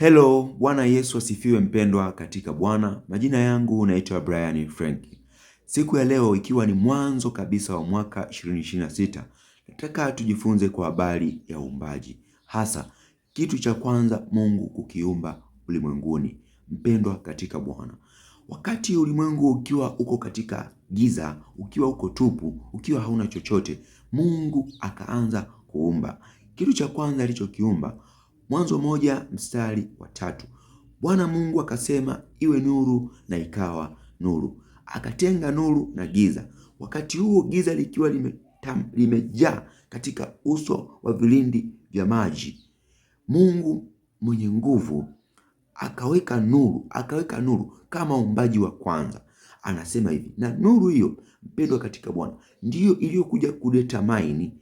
Hello, Bwana Yesu asifiwe mpendwa katika Bwana. Majina yangu naitwa Brian Frank. Siku ya leo ikiwa ni mwanzo kabisa wa mwaka 2026, nataka tujifunze kwa habari ya uumbaji. Hasa kitu cha kwanza Mungu kukiumba ulimwenguni. Mpendwa katika Bwana. Wakati ulimwengu ukiwa uko katika giza, ukiwa uko tupu, ukiwa hauna chochote, Mungu akaanza kuumba. Kitu cha kwanza alichokiumba Mwanzo moja mstari wa tatu. Bwana Mungu akasema iwe nuru, na ikawa nuru. Akatenga nuru na giza, wakati huo giza likiwa limejaa katika uso wa vilindi vya maji. Mungu mwenye nguvu akaweka nuru, akaweka nuru kama umbaji wa kwanza. Anasema hivi, na nuru hiyo, mpendwa katika Bwana, ndiyo iliyokuja kudetermine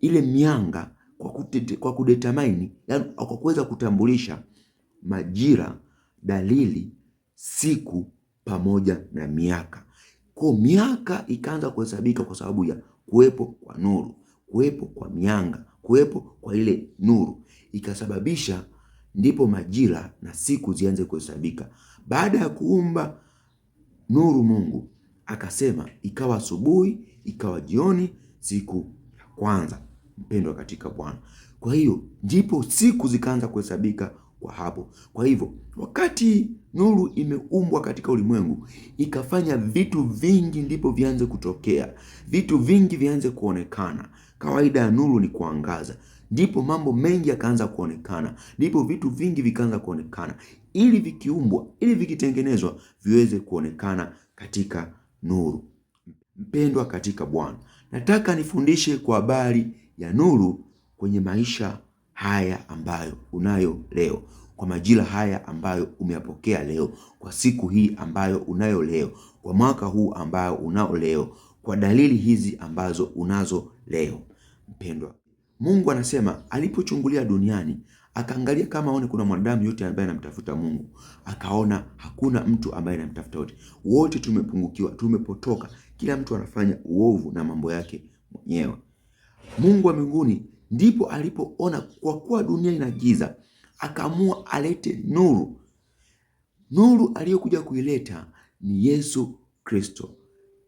ile mianga kwa, kutete, kwa kudetermine yani, kwa kuweza kutambulisha majira, dalili, siku pamoja na miaka. Kwa miaka ikaanza kuhesabika kwa sababu ya kuwepo kwa nuru, kuwepo kwa mianga, kuwepo kwa ile nuru, ikasababisha ndipo majira na siku zianze kuhesabika. Baada ya kuumba nuru, Mungu akasema ikawa asubuhi, ikawa jioni, siku ya kwanza mpendwa katika Bwana. Kwa hiyo ndipo siku zikaanza kuhesabika kwa hapo. Kwa hivyo wakati nuru imeumbwa katika ulimwengu, ikafanya vitu vingi, ndipo vianze kutokea, vitu vingi vianze kuonekana. Kawaida ya nuru ni kuangaza, ndipo mambo mengi yakaanza kuonekana, ndipo vitu vingi vikaanza kuonekana, ili vikiumbwa, ili vikitengenezwa, viweze kuonekana katika nuru. Mpendwa katika Bwana, nataka nifundishe kwa habari ya nuru kwenye maisha haya ambayo unayo leo, kwa majira haya ambayo umeyapokea leo, kwa siku hii ambayo unayo leo, kwa mwaka huu ambao unao leo, kwa dalili hizi ambazo unazo leo. Mpendwa, Mungu anasema alipochungulia duniani akaangalia kama aone kuna mwanadamu yote ambaye anamtafuta Mungu, akaona hakuna mtu ambaye anamtafuta. Wote wote tumepungukiwa, tumepotoka, kila mtu anafanya uovu na mambo yake mwenyewe. Mungu wa mbinguni ndipo alipoona kwa kuwa dunia ina giza, akaamua alete nuru. Nuru aliyokuja kuileta ni Yesu Kristo,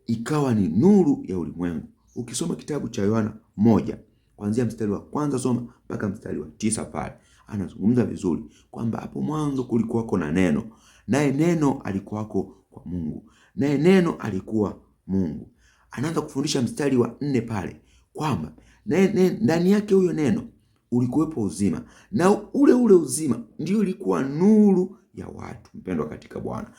ikawa ni nuru ya ulimwengu. Ukisoma kitabu cha Yohana moja kuanzia mstari wa kwanza soma mpaka mstari wa tisa pale anazungumza vizuri kwamba hapo mwanzo kulikuwako na neno, naye neno alikuwako kwa Mungu, naye neno alikuwa Mungu. Anaanza kufundisha mstari wa nne pale kwamba na ndani yake huyo neno ulikuwepo uzima, na ule ule uzima ndio ilikuwa nuru ya watu. Mpendwa katika Bwana,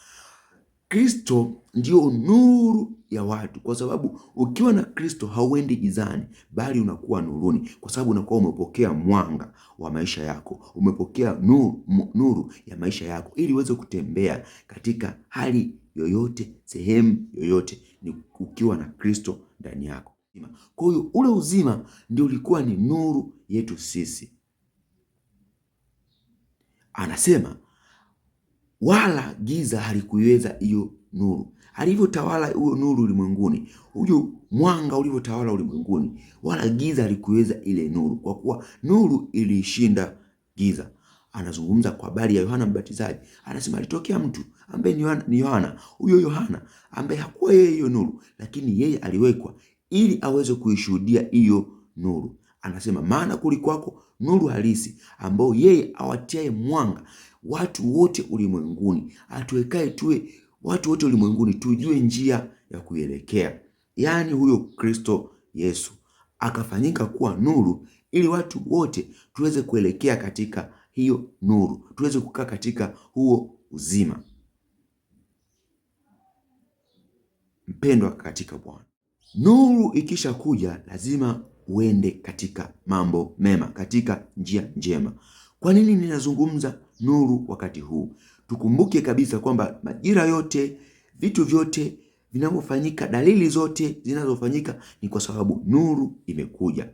Kristo ndio nuru ya watu, kwa sababu ukiwa na Kristo hauendi gizani, bali unakuwa nuruni, kwa sababu unakuwa umepokea mwanga wa maisha yako, umepokea nuru, nuru ya maisha yako, ili uweze kutembea katika hali yoyote, sehemu yoyote, ni ukiwa na Kristo ndani yako. Kwa hiyo ule uzima ndio ulikuwa ni nuru yetu sisi. Anasema wala giza halikuiweza hiyo nuru, alivyotawala huyo nuru ulimwenguni, huyo mwanga ulivyotawala ulimwenguni, wala giza halikuiweza ile nuru, kwa kuwa nuru ilishinda giza. Anazungumza kwa habari ya Yohana Mbatizaji, anasema alitokea mtu ambaye ni Yohana. Huyo Yohana ambaye hakuwa yeye hiyo nuru, lakini yeye aliwekwa ili aweze kuishuhudia hiyo nuru. Anasema maana kulikwako nuru halisi ambayo yeye awatiaye mwanga watu wote ulimwenguni, atuwekae tuwe watu wote ulimwenguni tujue njia ya kuielekea. Yaani huyo Kristo Yesu akafanyika kuwa nuru ili watu wote tuweze kuelekea katika hiyo nuru, tuweze kukaa katika huo uzima. Mpendwa katika Bwana, Nuru ikisha kuja lazima uende katika mambo mema, katika njia njema. Kwa nini ninazungumza nuru wakati huu? Tukumbuke kabisa kwamba majira yote, vitu vyote vinavyofanyika, dalili zote zinazofanyika ni kwa sababu nuru imekuja.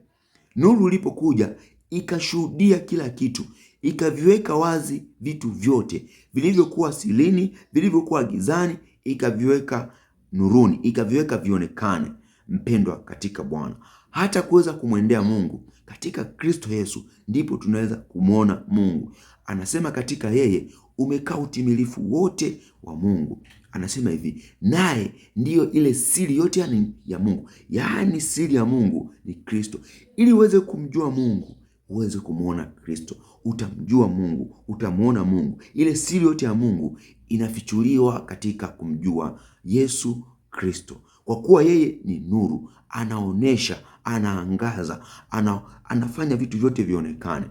Nuru ilipokuja ikashuhudia kila kitu, ikaviweka wazi vitu vyote vilivyokuwa silini, vilivyokuwa gizani, ikaviweka nuruni, ikaviweka vionekane mpendwa katika Bwana, hata kuweza kumwendea Mungu katika Kristo Yesu, ndipo tunaweza kumwona Mungu. Anasema katika yeye umekaa utimilifu wote wa Mungu. Anasema hivi, naye ndiyo ile siri yote ya Mungu, yaani siri ya Mungu ni Kristo. Ili uweze kumjua Mungu uweze kumwona Kristo, utamjua Mungu, utamwona Mungu. Ile siri yote ya Mungu inafichuliwa katika kumjua Yesu Kristo kwa kuwa yeye ni nuru, anaonesha, anaangaza, ana, anafanya vitu vyote vionekane.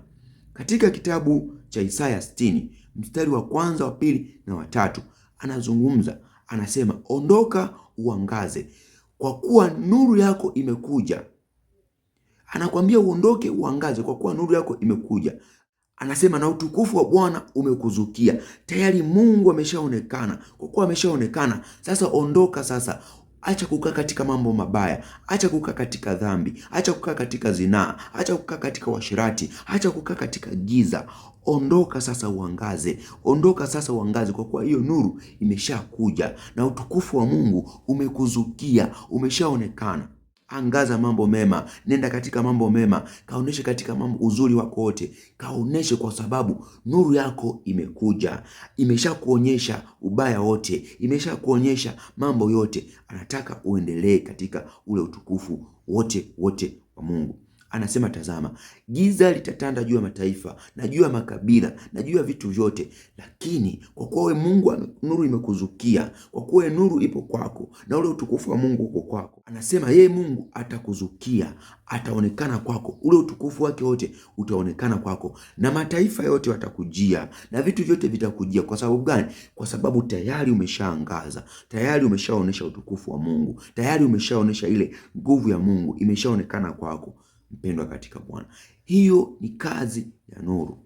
Katika kitabu cha Isaya 60 mstari wa kwanza, wa pili na watatu anazungumza, anasema ondoka uangaze, kwa kuwa nuru yako imekuja. Anakwambia uondoke uangaze, kwa kuwa nuru yako imekuja. Anasema na utukufu wa Bwana umekuzukia. Tayari Mungu ameshaonekana. Kwa kuwa ameshaonekana, sasa ondoka sasa acha kukaa katika mambo mabaya, acha kukaa katika dhambi, acha kukaa katika zinaa, acha kukaa katika washirati acha kukaa katika giza. Ondoka sasa uangaze, ondoka sasa uangaze, kwa kuwa hiyo nuru imeshakuja na utukufu wa Mungu umekuzukia, umeshaonekana angaza mambo mema, nenda katika mambo mema, kaoneshe katika mambo uzuri wako wote, kaoneshe, kwa sababu nuru yako imekuja, imesha kuonyesha ubaya wote, imesha kuonyesha mambo yote. Anataka uendelee katika ule utukufu wote wote wa Mungu. Anasema tazama, giza litatanda juu ya mataifa na juu ya makabila na juu ya vitu vyote, lakini kwa kuwa wewe Mungu nuru imekuzukia, kwa kuwa nuru ipo kwako na ule utukufu wa Mungu uko kwako, anasema yeye Mungu atakuzukia, ataonekana kwako, ule utukufu wake wote utaonekana kwako, na mataifa yote watakujia na vitu vyote vitakujia. Kwa sababu gani? Kwa sababu tayari umeshaangaza, tayari umeshaonesha utukufu wa Mungu, tayari umeshaonesha ile nguvu ya Mungu imeshaonekana kwako mpendwa katika Bwana. Hiyo ni kazi ya nuru.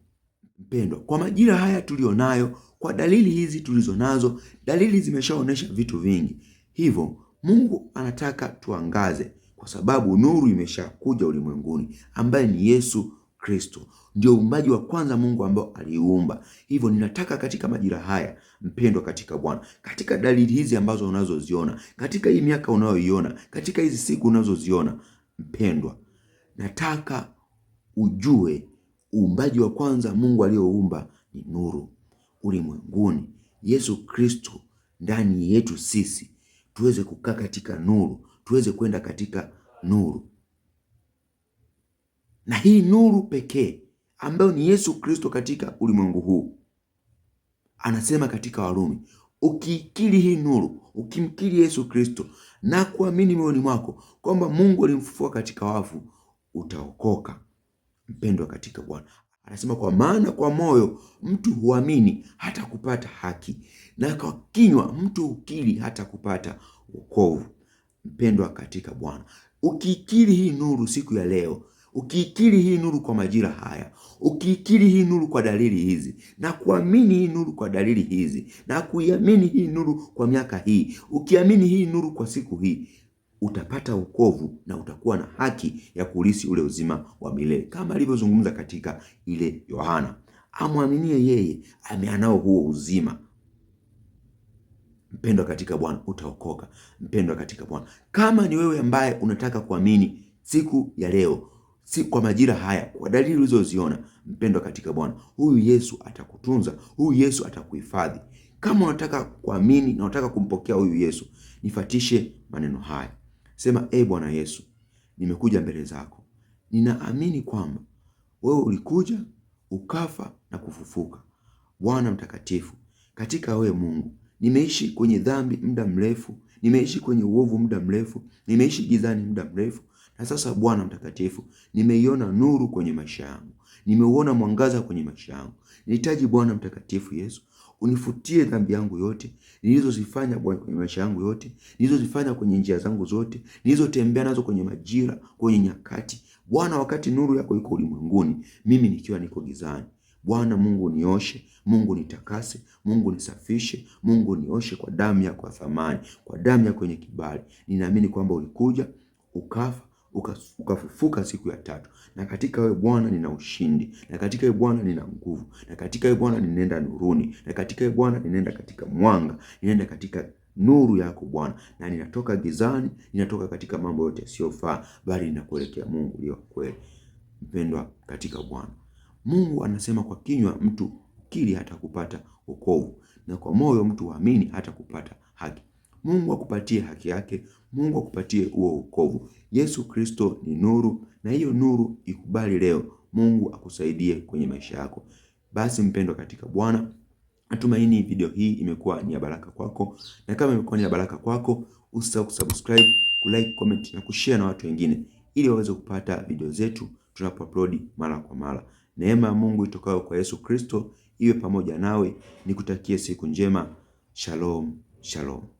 Mpendwa, kwa majira haya tuliyonayo, kwa dalili hizi tulizo nazo dalili zimeshaonyesha vitu vingi, hivyo Mungu anataka tuangaze, kwa sababu nuru imeshakuja ulimwenguni, ambaye ni Yesu Kristo, ndio uumbaji wa kwanza Mungu ambao aliumba. Hivyo ninataka katika majira haya, mpendwa katika Bwana, katika dalili hizi ambazo unazoziona, katika hii miaka unayoiona, katika hizi siku unazoziona, mpendwa nataka ujue uumbaji wa kwanza Mungu aliyoumba ni nuru ulimwenguni. Yesu Kristo ndani yetu sisi tuweze kukaa katika nuru, tuweze kwenda katika nuru, na hii nuru pekee ambayo ni Yesu Kristo katika ulimwengu huu. Anasema katika Warumi, ukiikiri hii nuru, ukimkiri Yesu Kristo na kuamini moyoni mwako kwamba Mungu alimfufua katika wafu, utaokoka. Mpendwa katika Bwana anasema, kwa maana kwa moyo mtu huamini hata kupata haki, na kwa kinywa mtu hukiri hata kupata wokovu. Mpendwa katika Bwana, ukiikili hii nuru siku ya leo, ukiikiri hii nuru kwa majira haya, ukiikiri hii nuru kwa dalili hizi, na kuamini hii nuru kwa dalili hizi, na kuiamini hii nuru kwa miaka hii, ukiamini hii nuru kwa siku hii utapata ukovu na utakuwa na haki ya kurisi ule uzima wa milele, kama alivyozungumza katika ile Yohana, amwaminie yeye ameanao huo uzima. Mpendwa katika Bwana, utaokoka. Mpendwa katika Bwana, kama ni wewe ambaye unataka kuamini siku ya leo, si kwa majira haya, kwa dalili ulizoziona, mpendwa katika Bwana, huyu Yesu atakutunza, huyu Yesu atakuhifadhi. Kama unataka kuamini na unataka kumpokea huyu Yesu, nifatishe maneno haya. Sema, e Bwana Yesu, nimekuja mbele zako, ninaamini kwamba wewe ulikuja ukafa na kufufuka. Bwana mtakatifu, katika wewe Mungu nimeishi kwenye dhambi muda mrefu, nimeishi kwenye uovu muda mrefu, nimeishi gizani muda mrefu, na sasa Bwana mtakatifu, nimeiona nuru kwenye maisha yangu. Nimeuona mwangaza kwenye maisha yangu. Nahitaji Bwana mtakatifu Yesu, unifutie dhambi yangu yote nilizozifanya Bwana kwenye maisha yangu yote nilizozifanya kwenye njia zangu zote nilizotembea nazo kwenye majira, kwenye nyakati. Bwana, wakati nuru yako iko ulimwenguni, mimi nikiwa niko gizani. Bwana Mungu nioshe, Mungu nitakase, Mungu nisafishe, Mungu nioshe kwa damu yako ya thamani, kwa damu yako yenye kibali. Ninaamini kwamba ulikuja ukafa ukafufuka siku ya tatu, na katika wewe Bwana nina ushindi, na katika wewe Bwana nina nguvu, na katika wewe Bwana ninaenda nuruni, na katika wewe Bwana ninaenda katika mwanga, ninaenda katika nuru yako Bwana, na ninatoka gizani, ninatoka katika mambo yote yasiyofaa, bali ninakuelekea Mungu ulio kweli. Mpendwa katika Bwana, Mungu anasema kwa kinywa mtu kili hata kupata wokovu, na kwa moyo mtu waamini hata kupata haki. Mungu akupatie haki yake, Mungu akupatie huo wokovu. Yesu Kristo ni nuru, na hiyo nuru ikubali leo. Mungu akusaidie kwenye maisha yako. Basi mpendwa katika Bwana, natumaini video hii imekuwa ni ya baraka kwako, na kama imekuwa ni ya baraka kwako, usisahau kusubscribe, kulike, comment na kushare na watu wengine, ili waweze kupata video zetu tunapoupload mara kwa mara. Neema ya Mungu itokayo kwa Yesu Kristo iwe pamoja nawe. Nikutakie siku njema. Shalom, shalom.